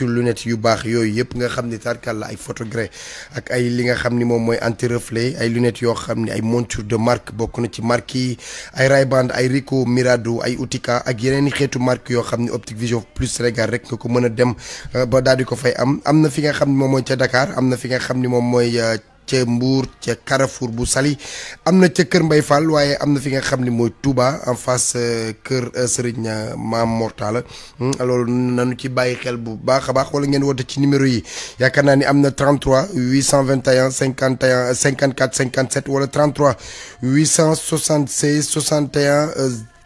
ci lunette yu baax yooyu yëpp nga xam ni tarkal la ay photogré ak ay li nga xam ni moom mooy anti reflet ay lunettes yoo xam ni ay monture de marque bokk na ci marque yi ay Ray-Ban ay Ricoh Mirado ay Utica ak yeneen i xeetu marque yoo xam ni Optique Vision Plus Sénégal rek nga ko mën a dem euh, ba daal di ko fay am am na fi nga xam moom mooy ca Dakar am na fi nga xam ni moom mooy. Euh, ca Mbour ca Carrefour bu sali am na ca Kër Mbay Fall waaye am na fi nga xam ne mooy Touba en face euh, Kër euh, Serigne euh, Maam Mortala hmm, loolu nanu ci bàyyi xel bu baax a baax wala ngeen woote ci numéro yi yaakaar naa ni am na 33 821 51 54 57 wala 33 876 61.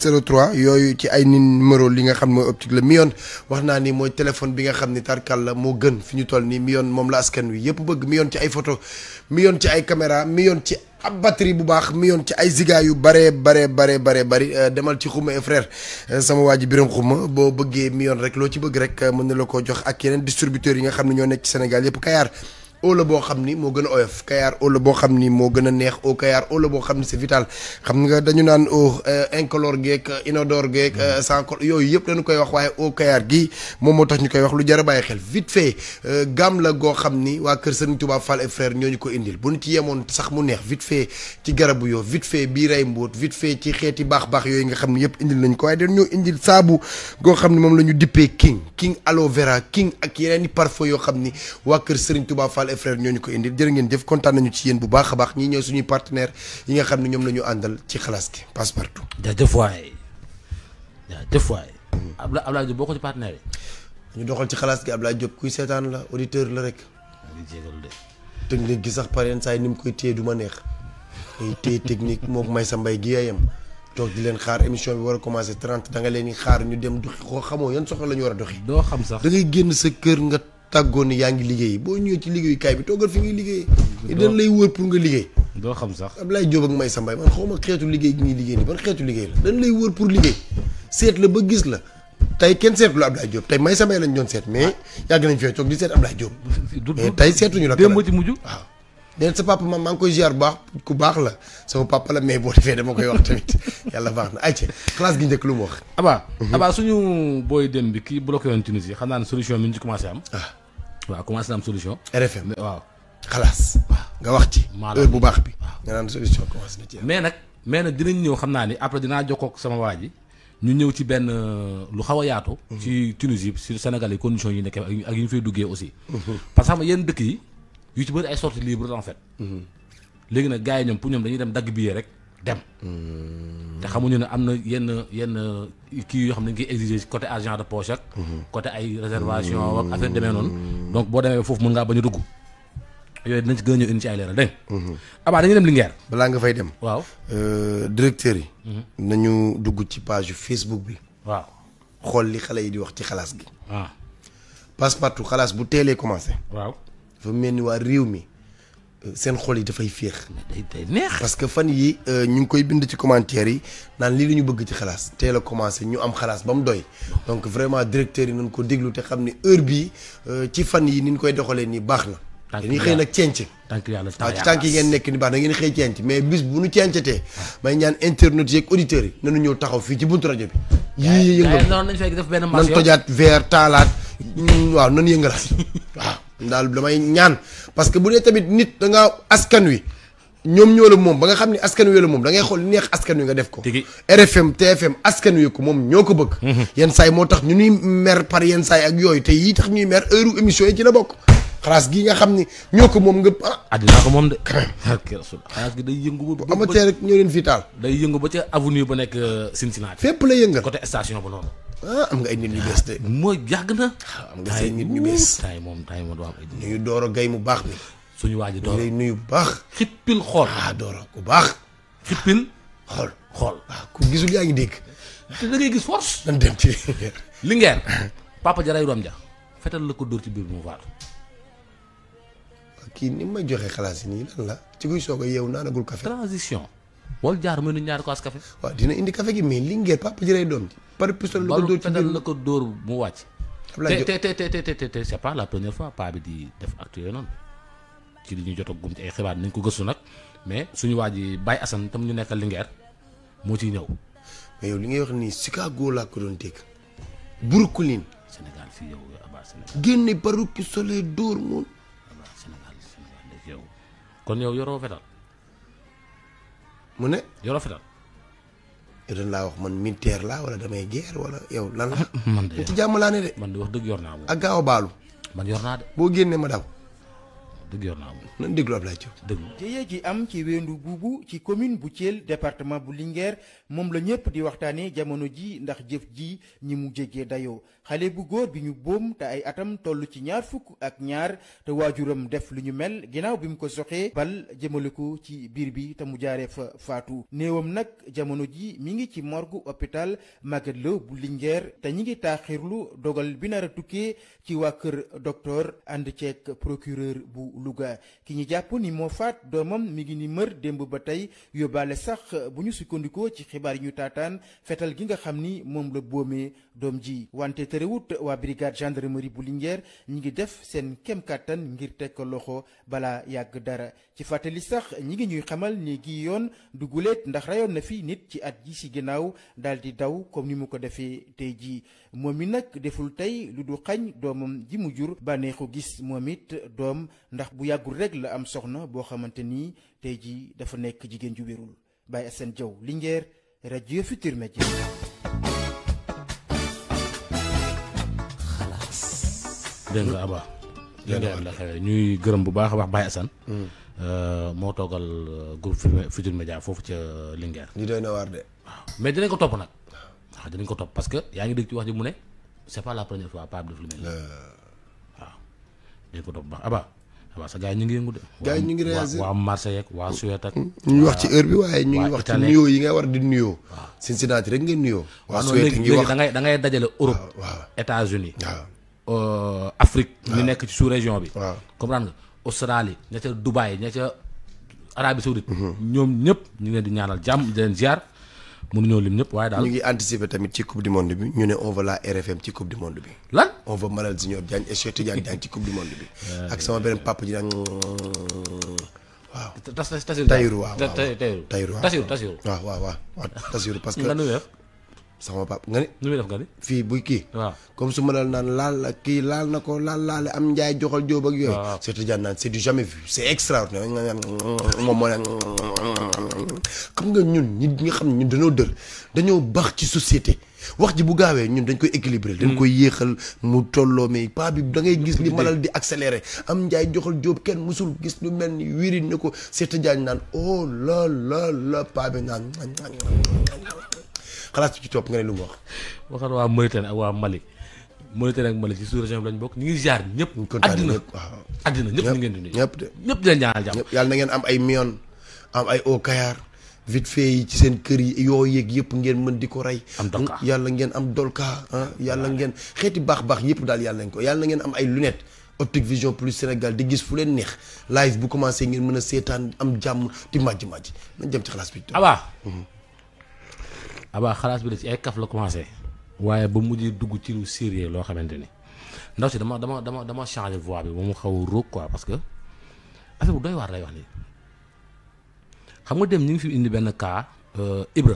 03 yooyu ci ay numéro li nga xam ne mooy optique la Mion wax naa ni mooy téléphone bi nga xam ni tarkal la moo gën fi ñu toll nii Mion moom la askan wi yëpp bëgg Mion ci ay photo Mion ci ay caméra Mion ci ab batterie bu baax Mion ci ay ziga yu bare bare bare bare bari euh, demal ci xuma et frère euh, sama waaj ji biram xuma boo bëggee Mion rek loo ci bëgg rek euh, mën na la ko jox ak yeneen distributeurs yi nga xam ne ñoo nekk ci Sénégal yëpp Kayar eau la boo xam ni moo gën a oyof Kayar eau la boo xam ni moo gën a neex eau Kayar eau la boo xam ni c'est vital xam nga dañu naan eau incolore hmm. euh, yooyu yëpp dañu koy wax waaye eau Kayar gi moom moo tax ñu koy wax lu jar a xel vite fait euh, gamme la xam ni waa kër Serigne Touba Fall et frère ñooñu ko indil bu ñu ci yemoon sax mu neex vite fait ci garabu yoo vite fait bii rey mbóot vite fait ci xeeti nga xam ni yëpp indil nañ ko waaye dañu moom la ñu dippee king king aloe king ak yeneen i parfum yoo xam ni waa kër Serigne Touba Fall et frères ñooñu ko indil jërë ngeen jëf kontaan nañu ci yéen bu baax a baax ñii ñooy suñuy partenaire yi nga xam ne ñoom la ñu àndal ci xalaas gi passe partout jaajëf waay jaajëf waay Abdoulaye Abdoulaye Diop boo ko ci ñu doxal ci xalaas gi ab laa Diop kuy seetaan la auditeur la rek technique gi sax pare saa yi ni mu koy téye du ma neex day téye technique mook may sa mbay gi yaayam toog di leen xaar émission bi war a commencé 30 da nga leen xaar ñu dem doxi koo xamoo yan soxla lañu war a doxi doo xam génn sa tàggoon yaa ngi liggéey boo ñëwee ci liggéeyukaay bi toogal fi ngay liggéey. doo lay wër pour nga liggéey. doo xam sax Ablaye Diop ak Maysa Mbaye man xaw ma xeetu liggéey gi ñuy liggéey nii ba xeetu liggéey la dañ lay wër pour liggéey seet la ba gis la tey kenn seetlu la Ablaye Diop tey Maysa Mbaye lañ doon seet mais ah. yàgg nañ fee toog di seet Ablaye Diop. mais tey seetuñu la. démb ci mujj waaw. Ah. déedéet sa papa ma maa ngi koy ziar bu baax ku baax la sama papa la mais boo defee dama koy wax tamit yàlla baax na ay ayca classe gi njëkk lu mu wax. Aba. Mhm. Aba suñu booy dem bi kii bloqué woon Tunisie xam naa ne solution bi ñu ci commencé am. Ah. waaw commencé na solution. RFM waaw. xalaas. nga wax ci. heure bu baax bi. nga naan solution commencé na ci mais nag mais nag dinañ ñëw xam naa ni après dinaa jokkoo kook sama waa ji ñu ñëw ci benn lu xaw a yaatu. Mhm. ci Tunisie sur Sénégal yi conditions yi nekkee ak yi ñu fay duggee aussi. Mhm. parce que xam yenn dëkk yi. yu ci bëri ay sorties libre en fait. léegi nag gars yi ñoom pour ñoom dañuy dem dagg billet rek dem. te xamuñu ne am na yenn yenn kii yoo xam ne dañ koy exiger côté argent de poche ak. côté ay réservation ak affaire demee noonu. donc boo demee foofu mën ngaa ba a dugg. yooyu dinañ ci gën a ñëw indi ci ay leeral dégg nga. abaa dañuy dem Linguère. balaa nga fay dem. waaw euh, directeur yi. nañu dugg ci page Facebook bi. waaw xool li xale yi di wax ci xalaas gi. waaw ah. passe partout xalaas bu teelee commencé. dafa mel ni waa réew mi euh, seen xol yi dafay féex. day neex parce que fan yi euh, ñu ngi koy bind ci commentaire yi naan lii la ñu bëgg ci xalaas teel a commencé ñu am xalaas ba mu doy. donc vraiment directeur yi nañ ko déglu te xam ni heure bii euh, ci fan yi ni ñu koy doxalee nii baax na. dañuy xëy nag cenc tànk yàlla waaw ci tànk yi ngeen nekk ni baax da ngeen xëy cenc mais bis bu nu cencatee may ñaan internet yeeg auditeurs yi nanu ñëw taxaw fii ci buntu rajo bi yii yëngal nan tojaat verre taalaat waaw nan yëngalaat waaw daal damay ñaan parce que bu dee tamit nit da nga askan wi ñoom ñoo la moom ba nga xam ne askan wi la moom da ngay xool neex askan wi nga def ko. RFM TFM askan wi ko moom ñoo ko bëgg. Mhm. yenn saay moo tax ñu ñuy mer par yenn saay ak yooyu te yii tax ñuy mer heure émission yi ci la bokk. xalaas gi nga xam ni ñoo ko moom nga ah. ah. dinaa ko moom de. xalaas gi day yëngu ba. bu amatee rek ñoo leen fii taal. day yëngu ba ca avenue ba nekk euh, Cincinnati. fépp la yëngal côté station ba noonu. Ah, am nga ay nit ñu bees de. Ah, mooy yàgg na. Ah, am nga say nit ñu bees moom taay moom du am ay nit nuyu Doro Gaye mu baax mi. suñu waa ji Doro lay nuyu bu baax. xippil xool ah Doro ku xool ku gisul yaa ngi dégg. te da ngay gis force. li ngeen. papa jaray rom ja fetal la ko dóor ci biir mu faatu. kii ni ma joxee xalaat yi nii lan la ci kuy soog a yeewu naanagul café transition. wal jaar muy nu ñaari kaas café waaw dina indi café gi mais Linguère Papa Ji rey doom ji par pistolet la ko dóor ci biir la ko dóor mu wàcc te te te te te te c'est pas la première fois paa bi di def acte yooyu noonu ci li ñu jot a gum ci ay xibaar nañ ko gëstu nag mais suñu waa ji Baye Assane tam ñu nekk Linguère moo ciy ñëw mais yow li ngay wax nii Chicago laa ko doon dégg Brooklyn Sénégal fii yow abaa Sénégal génne baru pistolet dóor moom abaa Sénégal Sénégal yow kon yow yoroo fetal mu ne. yoroo fetal. yow laa wax man militaire laa wala damay guerre wala yow lan la. Ah, man de ci jàmm laa ne de. man de wax dëgg yor naa moom. ak gaaw a baalu. man yor naa de. boo génnee ma daw. dëgg yor naa moom. nañ déglu ji am ci weendu guubu ci commune bu Thiel département bu Linguère moom la ñëpp di waxtaanee jamono ji ndax jëf ji ñi mu jégee dayoo xale bu góor bi ñu boom te ay atam toll ci ñaar fukk ak ñaar te waajuram def lu ñu mel ginnaaw bi mu ko soxee bal jëmale ko ci biir bi te mu jaaree fa faatu néewam nag jamono ji mi ngi ci morgue hôpital Magatte Lô bu Linguère te ñi ngi taaxirlu dogal bi nar a tukkee ci waa kër docteur ànd ceeg procureur bu Louga ki ñu jàpp ni moo faat doomam mi ngi ni mër démb ba tey yóbbaale sax bu ñu sukkandikoo ci xibaar yi ñu taataan fetal gi nga xam ni moom la boomee doom ji wante terewut waa gendre gendarmerie bu Linguère ñi ngi def seen kem kàttan ngir teg ko loxo balaa yàgg dara ci fàttali sax ñi ngi ñuy xamal ni gi yoon duguleet ndax reyoon na fi nit ci at ji si ginnaaw daal di daw comme ni mu ko defee tey jii moom mi nag deful tey lu du xañ doomam ji mu jur bànneexu gis moom it doom ndax bu yàggul rek la am soxna boo xamante nii tey jii dafa nekk jigéen ju wérul Baye Assane Diaw Linguère rajo Futurs Médias xalaas dégg nga Aba Linguère la xewee ñuy gërëm bu baax a wax Baye Assane hmm. euh, moo toogal euh, groupe Futurs Médias foofu ca euh, lingeer li doy na waar de waaw mais dinañ ko topp nag waaw dinañ ko topp parce que yaa ngi dégg ci wax ji mu ne c'est pas la première fois Pape def lu mel waaw dinañ ko topp baax Aba waaw sa gars yi ñu ngi yëngu de. ñu ngi réagir waa Marseille ak waa Suède ak. Mm. ñu wax ci heure waaye ñu wax ci nuyoo yi nga war di nuyoo. waaw Cincinnati rek ngeen nuyoo. Ah, waa Suède dangay da ngay dajale Europe. États-Unis waaw euh, Afrique. ñu nekk ci sous région bi. waaw comprendre nga Australie ña ca Dubaï ña ca Arabie Saoudite. Mm-hmm. ñoom ñëpp ñu ngi di ñaanal jàmm di leen mënuñoo lim ñëpp waaye daal. ñu ngi anticiper tamit ci coupe du monde bi ñu ne on va la RFM ci coupe du monde bi. lan on va Malal Junior Diagne et Cheikh Tidiane Diagne ci coupe du monde bi. ak sama beneen papa ji naan waaw. tas tas Tassirou waaw waaw Tassirou Tassirou waaw waaw waaw Tassirou parce que. sama pap nga ne. nu muy def nga ni. fii buy kii. waaw comme su ma naan laal la kii laal na ko laal laale am njaay joxal jóob ak yooyu. waaw surtout jaan naan c'est du jamais vu c'est extraordinaire moom moo xam nga ñun ñi nga xam ne dañoo dër dañoo baax ci société. wax ji bu gaawee ñun dañ koy équilibrer. dañ mm. koy yéexal mu tolloo mais pas bi da ngay gis li malal di accélérer am njaay joxal jóob kenn musul gis lu mel ni wiri ne ko Cheikh Tidiane naan oh la la la naan. xalaat ci topp nga ne lu mu wax. waxal waa Mauritanie ak waa Mali Mauritanie ak Mali ci sous région bi lañ bokk ñu ngi jaar ñëpp. ñu kontaan ñëpp àddina ñëpp ñu ngeen di nuyu. ñëpp ñëpp di leen ñaanal jàmm. na ngeen am ay Mion am ay Eau Kayar vite fait yi ci seen kër yi yoo yéeg yëpp ngeen mën di ko rey. am dolka yàlla ngeen am dolka. Ah, yàlla ngeen xeeti baax baax yëpp daal yàlla nañ ko yàlla na ngeen am ay lunettes. Optique Vision Plus Sénégal di gis fu leen neex live bu commencé ngeen mën a seetaan am jàmm di màjj màjj nañ jëm ci xalaas bi. abaa. Mhm. abaa xalaas bi la ci ay kaf la commencé waaye ba mu mujjee dugg ci lu sérieux loo xamante ni ndaw si dama dama dama dama changé voix bi ba mu xaw a róog quoi parce que affaire bu doy waar lay wax nii xam nga dem ñu ngi fi indi benn cas euh, Ibra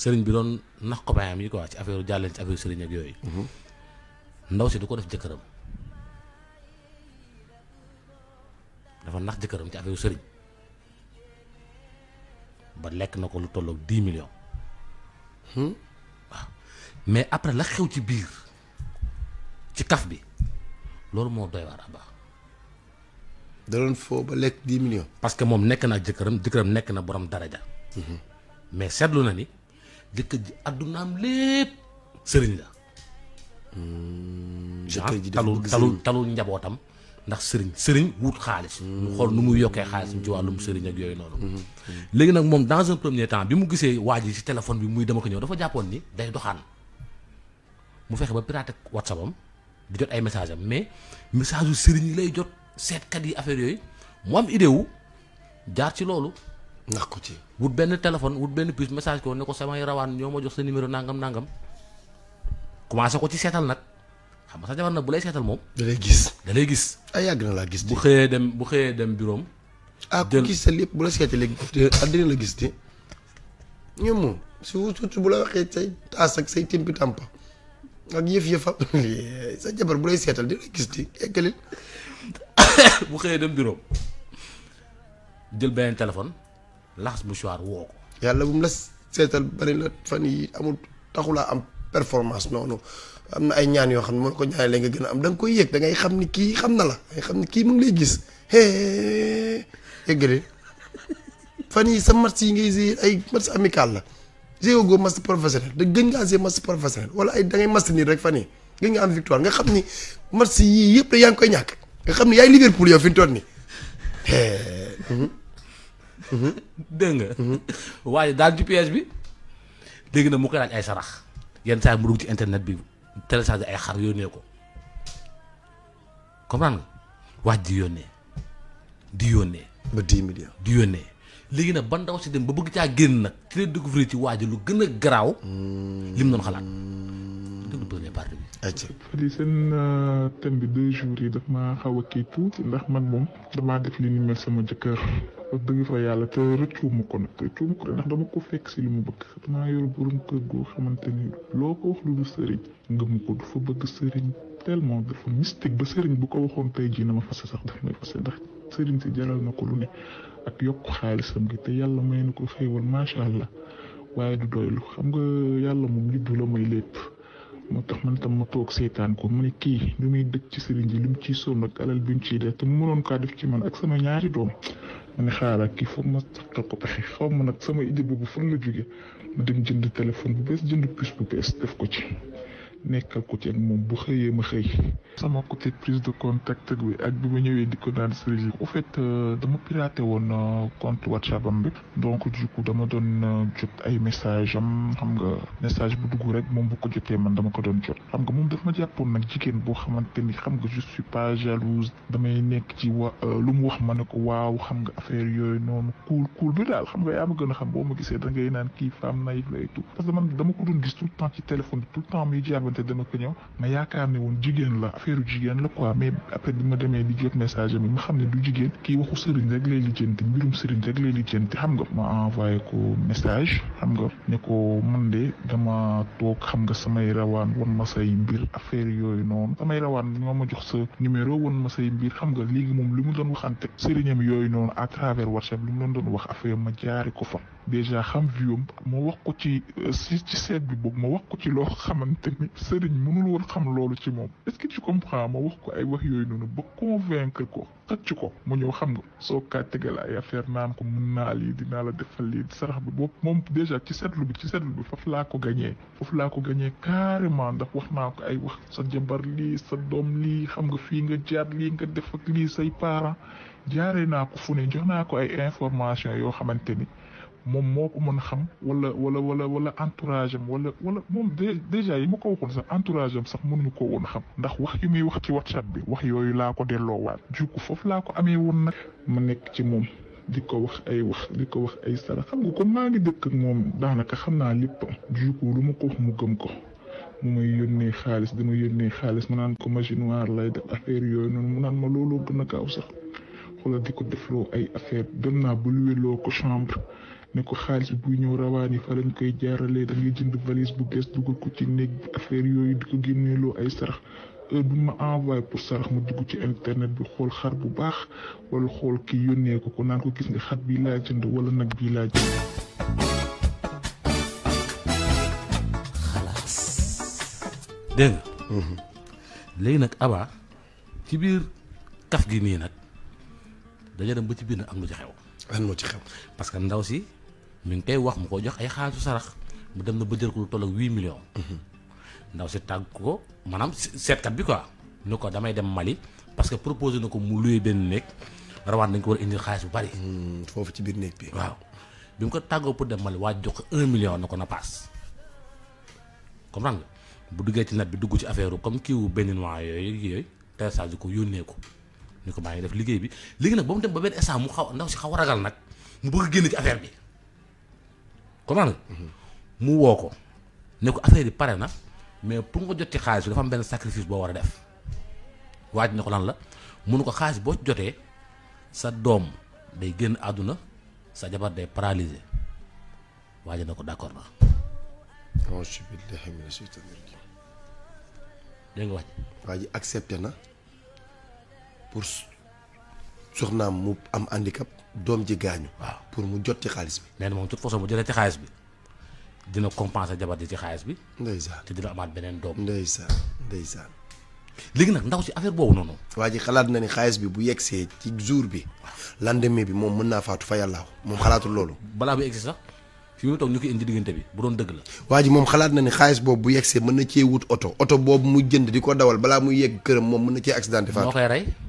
sëriñ bi doon nax copain yi quoi ci affaire jàlleen ci affaire sëriñ ak yooyu. Mhm. ndaw si du ko def jëkkëram dafa nax jëkkëram ci affaire sëriñ ba lekk na ko lu tolloog dix million Hmm? waaw mais après la xew ci biir ci kaf bi loolu moo doy waar a baax doon foo ba lekk dix millions. parce que moom nekk naa jëkkëram jëkkëram nekk na borom daraja. Hmm. mais seetlu na ni jëkkër ji addunaam lépp sëriñ la. Hmm. Ah, jëkkër ji talul talul njabootam. ndax sëriñ sëriñ wut xaalis mm-hmm. mu xool nu muy yokkee xaalisam ci wàllum sëriñ ak yooyu noonu mm-hmm. léegi nag moom dans un premier temps bi mu gisee waa ji ci téléphone bi muy dama ko ñëw dafa jàppoon ni day doxaan mu fexe ba piraté whatsapp am di jot ay message am mais message yu sëriñ lay jot seetkat yi affaire yooyu mu am idée wu jaar ci loolu ndax ko ci wut benn téléphone wut benn puce message ko ne ko samay rawaan ñoo ma jox sa numéro nangam nangam commencé seetal nag xam nga sa jabar nag bu lay seetal moom. da gis da gis. ay ah, yàgg na laa gis bu xëyee dem bu xëyee dem bureau ah ku gis la gis te ñoom moom surtout bu la taas ak say timpi tàmpa ak yëf-yëfa sa jabar bu lay seetal dina gis te eggalil bu xëyee dem bureau jël benn téléphone laxas mouchoir woo ko. yàlla bu mu la seetal bari la fan yi amul taxulaa am. performance noonu am na ay ñaan yoo xam ne moo ko ñaanee la nga gën a am danga koy yëg da ngay xam ni kii xam na la ngay xam ni kii mu ngi lay gis yëggalee fan yi sa yi ngay gérer ay match amical la gérer goo match professionnel da gën ngaa gérer match wala ay da ngay match nii rek fan yi gën nga am victoire nga xam ni match yii yëpp da yaa ngi koy ñàkk nga xam ni yaay Liverpool yow fi mu toll nii dégg waaye daal ci bi dégg na mu koy ay sarax. yenn saa mu dugg ci internet bi téléchargé ay xar yónnee ko comprendre nga waaj di yónnee di yónnee. ba dix millions léegi nag ban ndaw si dem ba bëgg ca génn nag ci la découvrir ci waaj lu gën a garaaw. Hmm. li mu doon xalaat. déglu première partie bi. ayca fële seen euh, thème bi deux jours yi daf maa xaw a kii tuuti ndax man moom damaa def li ni mel sama jëkkër. wax dëgg fa yàlla te rëccuwuma ko nag dama ko fekk si li mu bëgg damaa yor borom kër goo xamante loo ko wax sëriñ ngëmu ko dafa bëgg sëriñ tellement dafa mystique ba sëriñ bu ko waxoon tey jii na ma fase sax daf may fase ndax sëriñ si jaral na ko lu ne ak yokk xaalisam gi te yàlla may na ko xéewal macha allah waaye du doylu xam nga yàlla moom li du la may lépp. moo tax man tam ma toog seetaan ko mu ne kii lu muy dëkk ci sëriñ ji lu mu ciy sonn ak alal bi mu ci de te mu mënoon kaa def ci man ak sama ñaari doom ma ne xaaral kii foog ma saqal ko pexe xaw ma nag sama idée bu fan la jóge ma dem jënd téléphone bu bees jënd puce bu bees def ko ci. nekk ko ci moom bu xëyee ma xëy. sama côté prise de contact bi ak bi ma ñëwee di ko daan sëriñ euh, dama piraté woon euh, compte WhatsApp am bi donc du dama doon euh, jot ay message am xam nga message bu dugg rek moom bu ko jotee man dama ko doon xam nga moom daf ma jàppoon nag jigéen boo xamante ni xam nga je suis pas nekk ci wa lu wax ma ne ko waaw xam nga affaire yooyu noonu cool cool bi daal xam nga yaa ma a xam boo ma gisee da ngay naan kii femme naïve la et tout parce dama ko doon gis tout le temps tout le temps muy jaabante te dama ko ñëw ma yaakaar ne woon jigéen la affaire jigéen la quoi mais après bi ma demee di jot message bi ma xam ne du jigéen kii waxu sëriñ rek lay lijjanti mbirum sëriñ rek lay lijjanti xam nga ma envoyé ko message xam nga ne ko man de dama toog xam nga samay rawaan wan ma say mbir affaire yooyu noonu samay rawaan ñoo ma jox sa numéro wan ma say mbir xam nga léegi moom li mu doon waxante sëriñam yooyu noonu à travers WhatsApp li mu doon doon wax affaire ma jaari ko fa déjà xam viom ma wax ko ci euh, ci seet ma wax ko ci loo sëriñ mënul woon xam loolu ci moom est-ce que tu comprends wax ko ay wax yooyu noonu ba convaincre ko xëcc ko mu ñëw xam nga soo kaa tegal ay affaire naan ko mun naa lii dinaa la defal lii sarax bi bopp moom déjà ci seetlu bi ci seetlu bi foofu laa ko gañee foofu laa ko gañee carrément ndax wax naa ko ay wax sa jabar lii sa doom lii xam nga fii nga jaar lii nga def ak lii say parent jaaree naa ko fu ne jox naa ko ay information yoo xamante ni moom moo ko mën xam wala wala wala wala entourage am wala wala moom déjà yi ma ko waxoon sax entourage am sax mënuñu ko woon xam ndax wax yu muy wax ci WhatsApp bi wax yooyu laa ko delloowaat jukku foofu laa ko amee woon nag ma nekk ci moom di ko wax ay wax di ko wax ay sara xam nga ko maa ngi dëkk ak moom daanaka xam naa lépp juuku lu ma ko wax mu gëm ko mu yën yónnee xaalis dama yónnee xaalis mu naan ko machine lay def affaire yooyu noonu mu naan ma looloo gën a gaaw sax xoolal di ko defloo ay affaire dem naa ba luweloo ko chambre ne ko xaalis buy ñëw rawaani fa lañ koy jaaralee da ngay jënd valise bu gees dugal ko ci néeg bi affaire yooyu di ko génneeloo ay sarax heure bu ma envoyé pour sarax ma dugg ci internet bi xool xar bu baax wala xool kii yónnee ko ko naan ko gis nga xar bii laa jënd wala nag bii laa jënd. xalaas. dégg mhm. léegi nag Aba ci biir kaf gi nii nag dañoo dem ba ci biir nag am lu ci xew. lan moo ci parce que ndaw si. mi ngi koy wax mu ko jox ay xaalisu sarax mu dem na ba jël ko lu toll ak huit millions. ndaw si tàgg ko maanaam seetkat bi quoi ni ko damay dem Mali parce que proposé na ko mu luye benn néeg rawaat nañ ko war a indil xaalis bu bari. Hmm, foofu ci biir néeg bi. waaw bi mu ko tàggoo pour dem Mali waa jox ko un million na ko na paas comprendre nga bu duggee ci nat bi dugg ci affaire comme kii wu benn mois yooyu yooyu tersage ko yónnee ko ni ko baa ngi def liggéey bi léegi nag ba mu ba benn instant mu xaw ndaw si xaw a ragal nag mu génn ci affaire bi. comprendre mhm. mu woo ko ne ko affaire yi pare na mais pour nga jot ci xaalis bi dafa am benn sacrifice boo war a def waaj ne ko lan la munu ko xaalis boo jotee sa doom day génn àdduna sa jabar day paralysé waaj na ko d'accord na. auzu billaahi mina sheytaani rajiim. dégg soxnaam mu am handicap doom ji gaañu. waaw pour mu jot ci xaalis bi. nee moom toute façon bu jotee ci xaalis bi dina compenser jabar ji ci xaalis bi. ndeysaan te dina amaat beneen doom. ndeysaan ndeysaan. léegi nag ndaw si affaire boobu noonu. waa ji xalaat na ni xaalis bi bu yegsee ci jour bi. lendemain bi moom mën naa faatu fa yàllaaw moom xalaatu loolu. balaa bu yegsi sax fi mu toog ñu koy indi diggante bi bu doon dëgg la. waa ji moom xalaat na ni xaalis boobu bu yegsee mën na cee wut oto oto boobu muy jënd ko dawal balaa muy yegg këram moom mën na cee accidenté faatu. moo koy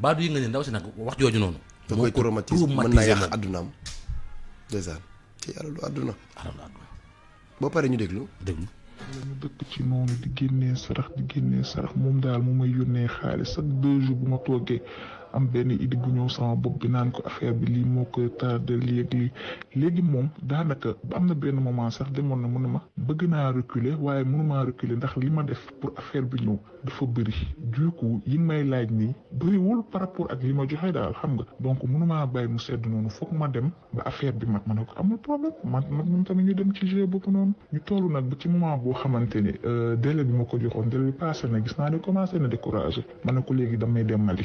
baadu yëngal ne ndaw si nag wax jooju noonu. da koy traumatisme mën na yàq addunaam. ndeysaan ci alalu adduna. alalu boo paree ñu déglu déglu. ñu dëkk ci noonu di génnee sarax di génnee sarax moom daal mu may yónnee xaalis chaque deux bu ma toogee. am benn idée bu ñëw sama bopp bi naan ko affaire bi lii moo koy tardé lii ak lii léegi moom daanaka am na benn moment sax demoon na ma bëgg naa reculer waaye mënuma reculer ndax li ma def pour affaire bi ñëw dafa bëri du coup yi may laaj nii wul par rapport ak li ma joxe daal xam nga donc mënuma bàyyi mu sedd noonu foog ma dem ba affaire bi mag ma ne ko amul problème mat nag ñun tamit ñu dem ci jeu boobu noonu ñu toll nag ba ci moment boo xamante ni euh, délai bi ma ko joxoon délai bi passé gis naa ne commencé na découragé ma ne ko léegi damay dem Mali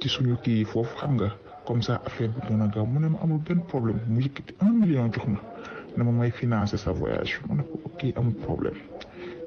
ci suñu kii foofu xam nga comme ça affaire bi doon na gaaw mu ne amul benn problème mu yëkkati un million jox ma ne ma may financer sa voyage ma ne ko ok amul problème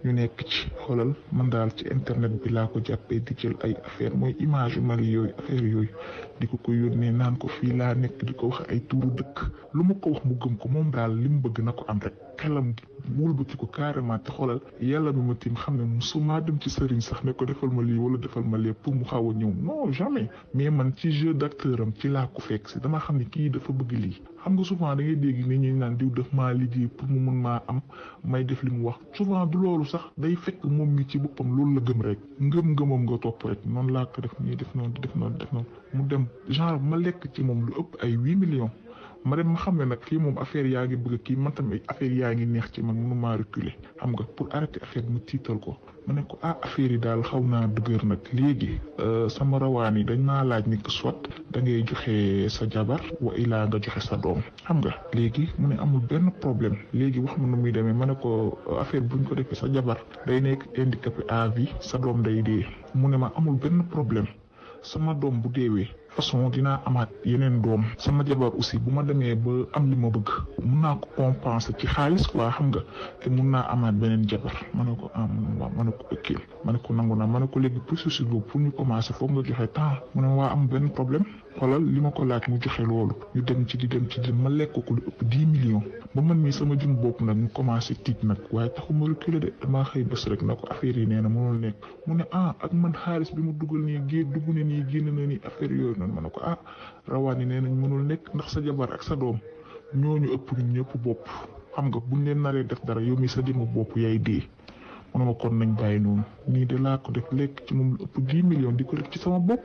ñu nekk ci xoolal man daal ci internet bi laa ko jàppee di jël ay affaire mooy image Mali yooyu affaire yooyu di ko ko yónnee naan ko fii laa nekk di ko wax ay tuuru dëkk lu ma ko wax mu ko moom daal li mu bëgg na ko am rek. xelam wëlbati ko carrément te xoolal yàlla bi ma tiim xam ne mu musuma dem ci sëriñ sax ne ko defal ma lii wala defal ma lee pour mu xaw a ñëw non jamais mais man ci jeu d'acteur am ci laa ko fekk si dama xam ne kii dafa bëgg lii xam nga souvent da ngay dégg nit naan diw def maa liggéey pour mu mën maa am may def li mu wax souvent du loolu sax day fekk moom mi ci boppam loolu la gëm rek ngëm-ngëmam nga topp rek noonu laa ko def nii def noonu def noonu mu dem genre ma lekk ci moom lu ëpp ay huit millions ma dem ma xam ne nag fii moom affaire yaa ngi kii man tamit affaire yaa ngi neex ci man mënumaa reculer xam nga pour arrêter affaire mu tiital ko ma ne ko ah affaire yi daal xaw naa dëgër nag léegi euh, sama rawaan yi dañ naa laaj ni soit da ngay joxe sa jabar wa ilaa nga joxe sa doom xam nga léegi mu ne amul benn problème léegi wax ma nu muy demee ma ne ko euh, affaire buñ ko defee sa jabar day nekk handicapé à vie sa doom day dee mu ne ma amul benn problème sama doom bu deewee façon dinaa amaat yeneen doom sama jabar aussi bu ma demee ba am li ma bëgg mun naa ko compenser ci xaalis quoi xam nga te mun naa amaat beneen jabar ma ne ko ah ma ko ok ma ne ko nangu naa ma ne ko léegi processus boobu pour ñu commencer foog nga joxe temps mu ne waa am benn problème. xoolal li ma ko laaj mu joxe loolu ñu dem ci di dem ci di ma lekk ko lu ëpp dix millions ba man mii sama jum bopp nag mu commencé tiit nag waaye taxuma reculer de damaa xëy bés rek na ko affaire yi nee na mënul nekk mu ne ah ak man xaalis bi mu dugal nii gée dugg na nii génn na nii affaire yooyu noonu ma ne ko ah rawaan yi nee nañ mënul nekk ndax sa jabar ak sa doom ñooñu ëpp ñun ñëpp bopp xam nga buñ leen naree def dara yow mi sa jëmm bopp yaay dee. man ma nañ bàyyi noonu nii de laa ko def lekk ci moom di ci sama bopp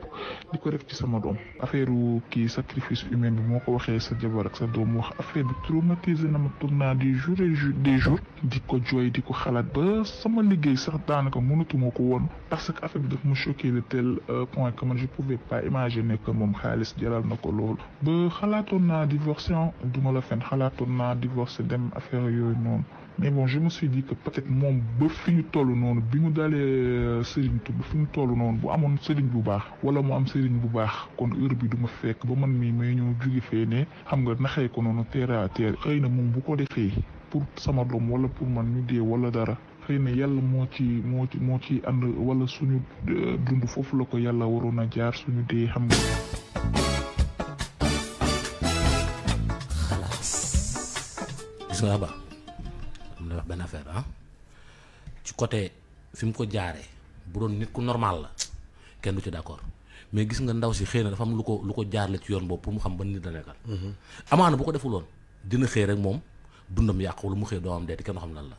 di ko def ci sama doom affaire kii sacrifice humain bi moo ko waxee sa jabar sa doom wax affaire bi traumatisé na ma toog naa du jour et des jours di ko jooy di ko xalaat ba sama liggéey sax daanaka mënatuma ko woon parce que affaire bi daf ma choqué de tel euh, point que man je pouvais pas imaginer que moom xaalis jaral na ko lool ba xalaatoon naa divorcé duma la fen xalaatoon naa divorcé dem affaire yooyu noonu mais bon je ma suis dit peut-être moom ba fi ñu toll noonu bi mu dalee euh, sëriñ tu ba fi ñu toll noonu bu amoon sëriñ bu baax wala mu am sëriñ bu baax kon heure bi du ma fekk ba man mii may ñëw jóge fee ne xam nga naxee ko noonu terre à terre xëy na moom bu ko defee pour sama doom wala pour man ñu dee wala dara xëy na yàlla moo ci moo moo ci ànd wala suñu euh, dund foofu la ko yàlla waroon a jaar suñu dee xam nga. xalaas. la benn affaire ah ci côté fi mu ko jaaree bu doon nit ku normal la kenn du ci d'accord mais gis nga ndaw si xëy na dafa am lu ko lu ko jaarale ci yoon boobu pour mu xam ba nit la nekkal. Mhm. amaana bu ko defuloon dina xëy rek moom dundam yàqu lu mu xëy doomam deeti kenn xam lan la.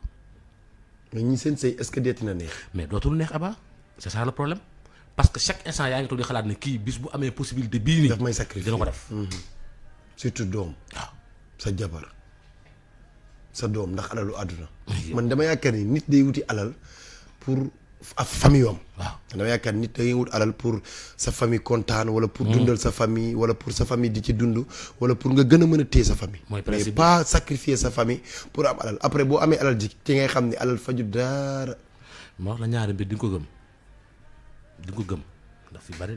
mais ñi seen sëy est-ce que deeti na neex. mais dootul neex Abba c'est ça le problème parce que chaque instant yaa ngi toog xalaat ne kii bis bu amee possibilité bii nii. daf may sacrifice dina ko mhm. surtout doom. waaw ah. sa jabar. sa doom ndax alalu àdduna man dama yaakaar ni nit day wuti alal pour ak famille am waaw dama yaakaar nit day wut alal pour sa famille kontaan wala pour mm. dundal sa famille wala pour sa famille di ci dund wala pour nga gën a mën a téye sa famille mais pas sacrifier sa famille pour am alal après boo amee alal ji ngay xam ne alal faju daara ma wax la ñaari mbir di nga ko gëm di nga ko gëm fi bari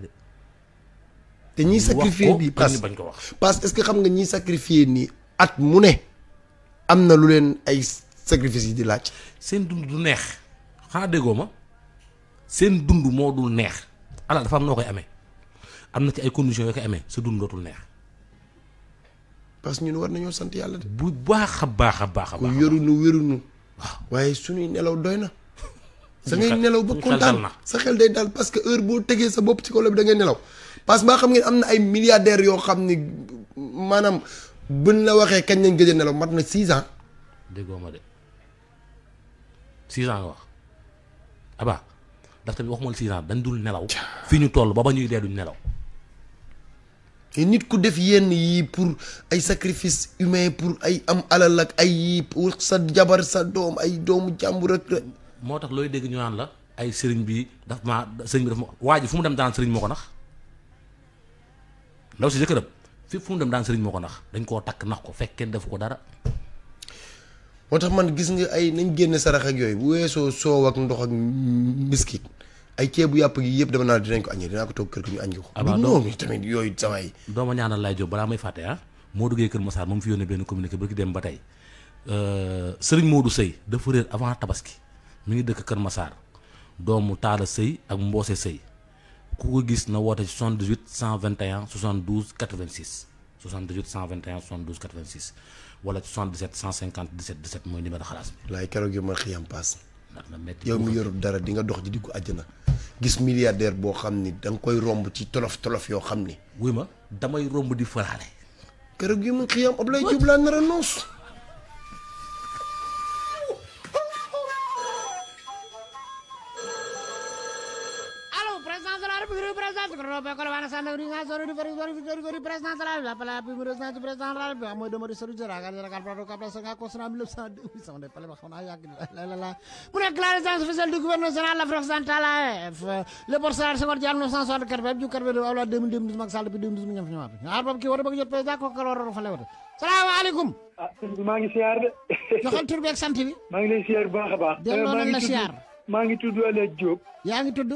bañ ko wax parce que xam nga ñiy sacrifier nii at mu ne am na lu leen ay sacrifice yi di laaj. seen dund du neex xanaa déggoo ma seen dund moo dul neex alal dafa am noo koy amee am na ci ay conditions yoo koy amee sa dund neex. parce que ñun war nañoo sant yàlla de. baax a baax a baax a baax. ku yorunu wérunu waaw waaye suñuy nelaw doy na. sa ngay nelaw ba kontaan sa xel day daal parce que heure boo tegee sa bopp ci kaw da ngay nelaw parce que xam ngeen am na ay milliardaires yoo xam ni maanaam. buñ la waxee kañ lañ gëj nelaw mat na six ans. déggoo ma de six ans nga wax abaa daf tamit waxuma la six dañ dul nelaw. fii ñu toll ba ba ñuy dee duñ nelaw. nit ku def yenn yi pour ay sacrifice humain pour ay am alal ak ay yi sa jabar sa doom ay doomu jàmbur ak. moo tax looy dégg ñu naan la ay sëriñ bi daf maa sëriñ bi daf ma waa ji fu mu dem daan sëriñ moo ko nax ndaw si jëkkëram. fépp fu mu dem daan sëriñ moo ko nax dañ koo takk nax ko fekk kenn def ko dara. moo tax man gis nga ay nañ génne sarax ak yooyu bu weesoo soow ak ndox ak miskit ay ceebu yàpp gi yëpp dama naa dinañ ko añee dinaa ko toog kër gi ñu añ ko. abaa ah, doom tamit yooyu sama yi. dooma ñaanal laay jóg balaa may fàtte ah moo Kër Massar moom fi yónnee benn communiqué ba dem ba tey euh, sëriñ Modou Sey dafa réer avant tabaski mi ngi dëkk Kër Massar doomu Taala Sey ak Mboose Sey ku ko gis na woote ci 78 121 72 86 78 121 72 86 wala ci 77 150 17 17 mooy numéro xalaas bi. laay keroog yi ma xiyam paas. ndax mi yorul dara di dox di diggu àjjana. gis milliardaire boo xam ni da nga koy romb ci tolof tolof yoo xam ni. wuy ma damay romb di falaale. keroog yi ma xiyam ab lay jublaan nar a noos. Bekol Wanasan Negeri Ngasor Universitas Presiden Terlalu Apalagi Pemimpin Presiden Presiden Terlalu Amoy Domor Isuru Jera Kali Jera Kapra Roka Presen Ngako Senam Lip Sandi Bisa Mende Pale Bakon Ayak Lelala Mune Klari Sang Spesial Du Gubernur Senal La Frok Santala F Le Porsar Sengor Jan No Sang Suar Kerbeb Ju Kerbeb Aula Dim Dim Dim Maksal Dim Dim Dim Dim Dim Arbab Ki Wara Bagi Jot Presiden Kok Kalor Roka Fale Wata salaamaaleykum. ah maa ngi siyaar de. joxal tur beeg sant bi. maa ngi lay siyaar bu baax a baax. delloo nañ la siyaar maa ngi tudd maa ngi tudd El Hadj Diop. yaa ngi tudd.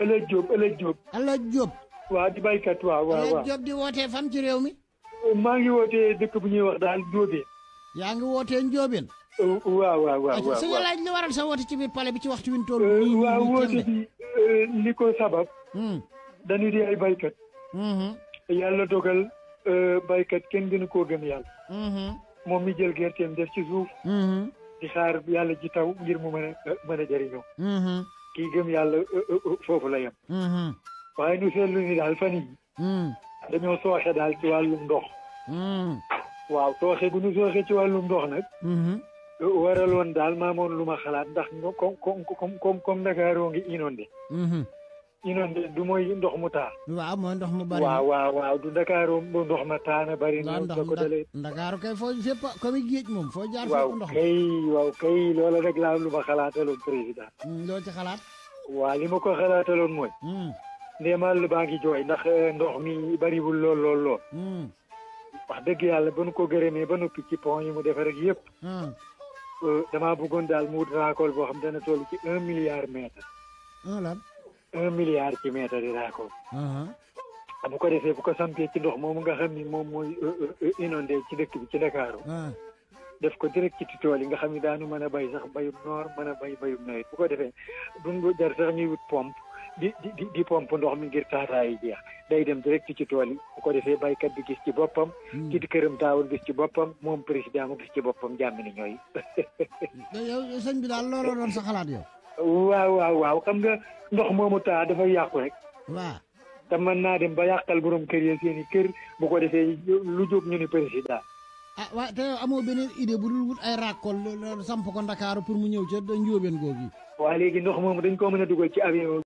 El Hadj Diop El Hadj Diop. El Hadj Diop. waaw di baykat waaw waaw waaw. El Hadj Diop di wootee fan ci réew mi. maa ngi wootee dëkk bu ñuy wax daal Ndiobène. yaa ngi wootee Ndiobène. Euh, waaw waaw waaw waaw su ñu laaj li waral sa woote ci biir pale bi ci waxtu wi ñu toll. Euh, waaw woote bi euh, li ko sabab. Hmm. dañu di ay baykat. Hmm. yàlla dogal baykat kenn gënu koo gëm yàlla. Hmm. moom mi jël gerteem def ci suuf. di xaar yàlla ji taw ngir mu mën a mën a jëriñoo. kii gëm yàlla e, e, e, foofu la yem mm-hmm. waaye nu seetlu ni daal fan yi mm. dañoo sooxe daal ci wàllum ndox mm. waaw sooxe gu ñu sooxe ci wàllum ndox nag mm-hmm. waraloon daal maamoon lu ma xalaat ndax comme comme comme comme Ndakaaroo ngi inondé mm-hmm. inondé du mooy ndox mu taa. waaw mooy ndox mu bari. waaw waaw du Ndakaaru bu ndox ma taa na bari. waaw ndox Ndakaaru kay foo fépp comme géej moom foo jaar fépp ndox. waaw kay waaw kay loola laa lu ma xalaataloon président. Hmm, loo ci xalaat. waa li ma ko xalaataloon mooy. Hmm. ndéemal baa ngi jooy ndax eh, ndox mi bariwul lool lool hmm. wax dëgg yàlla ba nu ko gërëmee ba noppi ci pont yi mu defar ak yëpp. Eh, damaa bëggoon daal mu wut récolte boo xam dana toll ci un milliard mètre. un milliard ci mètre di raakoo. bu ko defee bu ko sampee ci ndox moomu nga xam ni moom mooy euh, euh, euh, inondé ci dëkk bi ci Ndakaaru. Ah. def ko direct ci tool yi nga xam ni daanu mën a bay sax bayum noor mën bay bayum nawet bu ko defee duñ ko jar sax ñuy wut pompe di di di pompe ndox mi ngir taataay yi jeex day dem direct ci tool yi bu ko defee baykat bi gis ci boppam. ki hmm. këram taawul gis ci boppam moom président mu gis ci boppam jàmm ni ñooy. yow sëñ bi xalaat yow. waaw waaw waaw xam nga ndox moomu taa dafay yàqu rek. waaw. te man naa dem ba yàqal borom kër ya seen i kër bu ko defee lu jóg ñu ni président. ah waaw te amoo beneen idée bu dul wut ay ràkkol samp ko Ndakaaru pour mu ñëw ca Njóobeen googu. waa léegi ndox moomu dañ koo mën a dugal ci avion